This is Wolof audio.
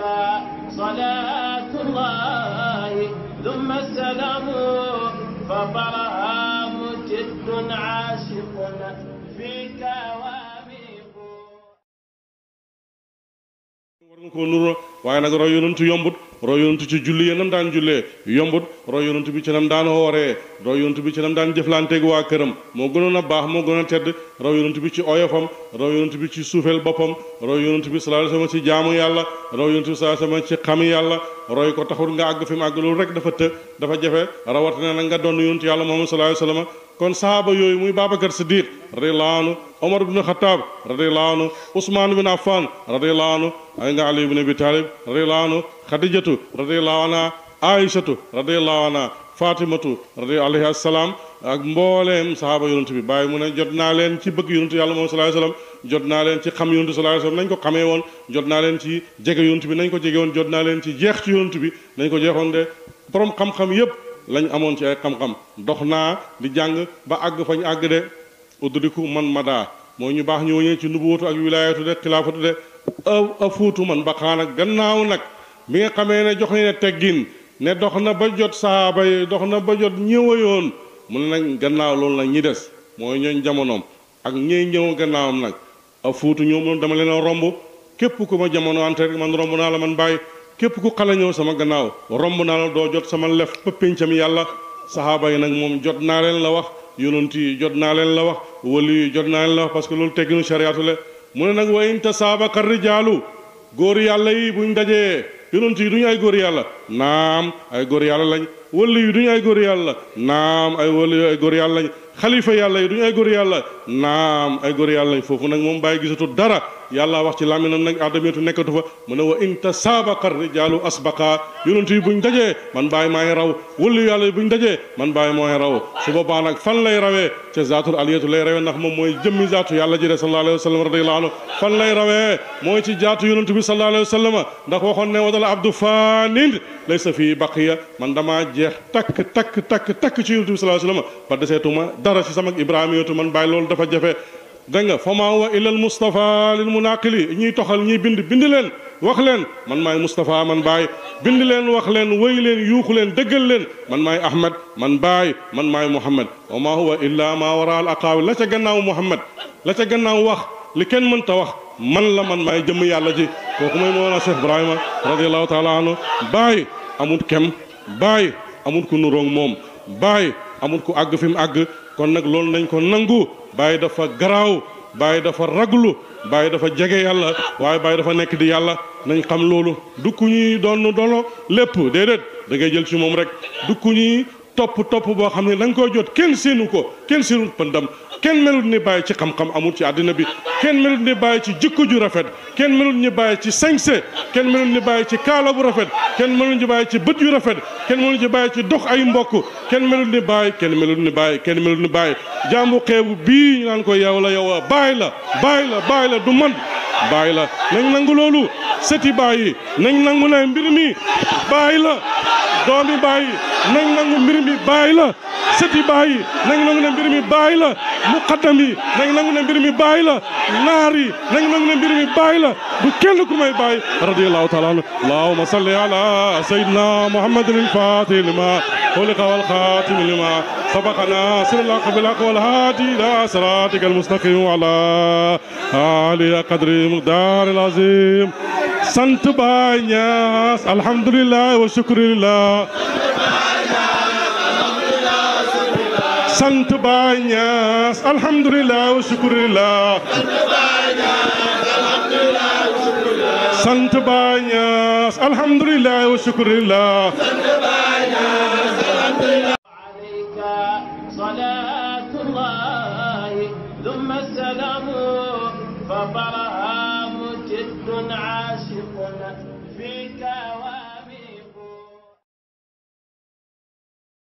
عليك صلاة الله ثم السلام فطرها مجد عاشق فيك وعاشق war na koo nuroo waaye nag roy yonantu yombut roy yonantu ci julli yenam daan jullee yombut roy yonantu bi ci nam daan wooree roy yonantu bi ci nam daan jëflanteeg waa këram moo gënoon a baax moo gën a tedd roy yonantu bi ci oyofam roy yonantu bi ci suufeel boppam roy yonantu bi sallallahu alayhi wasallam ci jaamu yàlla roy yonantu bi sallallahu alayhi wasallam ci xam yàlla roy ko taxul nga àgg fi mu àgg loolu rek dafa të dafa jafe rawat rawatina nag nga doon yonantu yàlla Muhammad sallallahu alayhi wasallam kon sahaaba yooyu muy babacar siddiq radiallahu anhu omar ibnu xataab radiallahu anhu ousmaan bin affan radiallahu anhu ay nga ali ibn abi talib radiallahu anhu khadijatu radiallahu anha aïchatu radiallahu anha fatimatu radi alayhi assalaam ak mbooleem sahaaba yonent bi baay mu ne jot naa leen ci bëgg yonent yàlla moom sallallahu alayhi wasallam jot naa leen ci xam yonent sallallahu alayhi ko xamee woon jot naa leen ci jege yonent bi nañ ko jege woon jot naa leen ci jeex ci yonent bi nañ ko jeexoon de borom xam-xam yépp lañu amoon ci ay xam-xam dox naa di jàng ba àgg fañ àgg de udriku man mada moo ñu baax ñëwñee ci nubuwatu ak wilaayatu de xilaafatu de a fuutu man baqaana gannaaw nag bi nga xamee ne jox ne teggin ne dox na ba jot sahaaba yi dox na ba jot ñëwayoon mu ne nag gannaaw loolu nag ñi des mooy ñooñ jamonoom ak ñey ñëw gannaawam nag a fuutu ñoom dama leen romb képp ku ma jamono ante rek man romb naa la man bàyyi képp ku xala ñëw sama gannaaw romb naa la doo jot sama lef ba péncam yàlla saxaaba yi nag moom jot naa leen la wax yonent yi jot naa leen la wax wali yi jot naa leen la wax parce que loolu tegginu chariatu la mu ne nag wa in tasaabaqa rijaalu góor yàlla yi bu buñ dajee yonent yi du ay góor yàlla naam ay góor yàlla lañ wali yi duñu ay góor yàlla naam ay wali ay góor yàlla lañ xalifa yàlla yi du ñu ay góor yàlla naam ay góor yàlla foofu nag moom bàyyi gisatu dara yàlla wax ci làmminam nag aadamiyatu nekkatu fa mu ne wa inta saabaqa rijaalu asbaqa yonent yi buñ dajee man bàyyi maay raw wëllu yàlla yi buñ dajee man bàyyi mooy raw su boobaa nag fan lay rawee ca zaatul aliyatu lay rawee ndax moom mooy jëmmi zaatu yàlla ji de sallallahu alayhi wa sallam radiyallahu anhu fan lay rawee mooy ci jaatu yonent bi sallallahu alayhi wa sallam ndax waxoon ne wadal abdu faanin laysa fii baqiya man damaa jeex takk takk takk takk ci yonent bi sallallahu dara ci sama ibrahima yootu man bàyyi loolu dafa jafe dégg nga faman wa ilal moustapha lil munaqili ñuy toxal ñuy bind bind leen wax leen man maay moustapha man baay bind leen wax leen wéy leen yuuxu leen dëggal leen man maay ahmad man baay man maay muhammad wa ma huwa illa ma wara al aqaawil la ca gannaaw muhammad la ca gannaaw wax li kenn mënta wax man la man maay jëmm yàlla ji kooku mooy moona cheikh ibrahima radiallahu taala anhu baay amul kem baay amul ku nuroog amul ku àgg fi mu àgg kon nag loolu nañ ko nangu bàyyi dafa garaaw bàyyi dafa raglu bàyyi dafa jege yàlla waaye bàyyi dafa nekk di yàlla nañ xam loolu du ku ñuy doon dono lépp déedéet da ngay jël ci moom rek du ku ñuy topp topp boo xam ne da nga koy jot kenn séenu ko kenn séenul pëndam kenn melut ni bàyyi ci xam-xam amul ci àddina bi kenn melut ni bàyyi ci jikko ju rafet kenn melut ni bàyyi ci sañse kenn melut ni bàyyi ci kaala bu rafet kenn melut ni bàyyi ci bët yu rafet kenn mënul ji bàyyi ci dox ay mbokk kenn melul ni bàyyi kenn melul ni bàyyi kenn melul ni bàyyi jàmbu xeebu bii ñu naan ko yow la yow a bàyyi la bàyyi la bàyyi la du man bàyyi la nañ nangu loolu sëti bàyyi nañ nangu ne mbir mi bàyyi la doomi bàyyi nañ nangu mbir mi bàyyi la sëti baay yi nañ nangu ne mbir mi baay la muqaddam yi nañ nangu ne mbir mi baay la naar yi nañ nangu ne mbir mi baay la du kenn ku may baay radiyallahu taala anhu allahumma salli ala sayyidina muhammadin al-fatih lima xuliqa wal xaatim lima sabaqa naasir al-haq bil haq wal haadi ila siraatika al-mustaqim wa ala aalihi qadri miqdaar al-azim sant baay ñaas alhamdulillah wa shukrillah sant Baay Ñas alhamdulilah wa shukurillah sant Baay Ñas alhamdulilah wa shukurillah